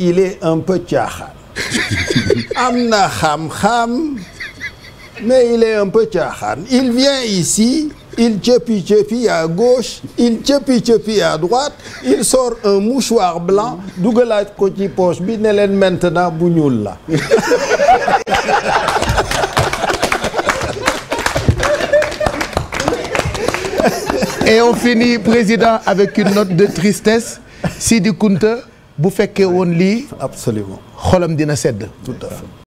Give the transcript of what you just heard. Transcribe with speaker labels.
Speaker 1: il est un peu caaxaan Amna ham, xam mais il est un peu caaxaan il vient ici il cëppi cëppi à gauche il cëppi à droite il sort un mouchoir blanc Dougalat koti poche binelen maintenant
Speaker 2: Et on finit, Président, avec une note de tristesse. Sidi Kunta bu fekkee woon lii absolument xolam dina sedd tout à fait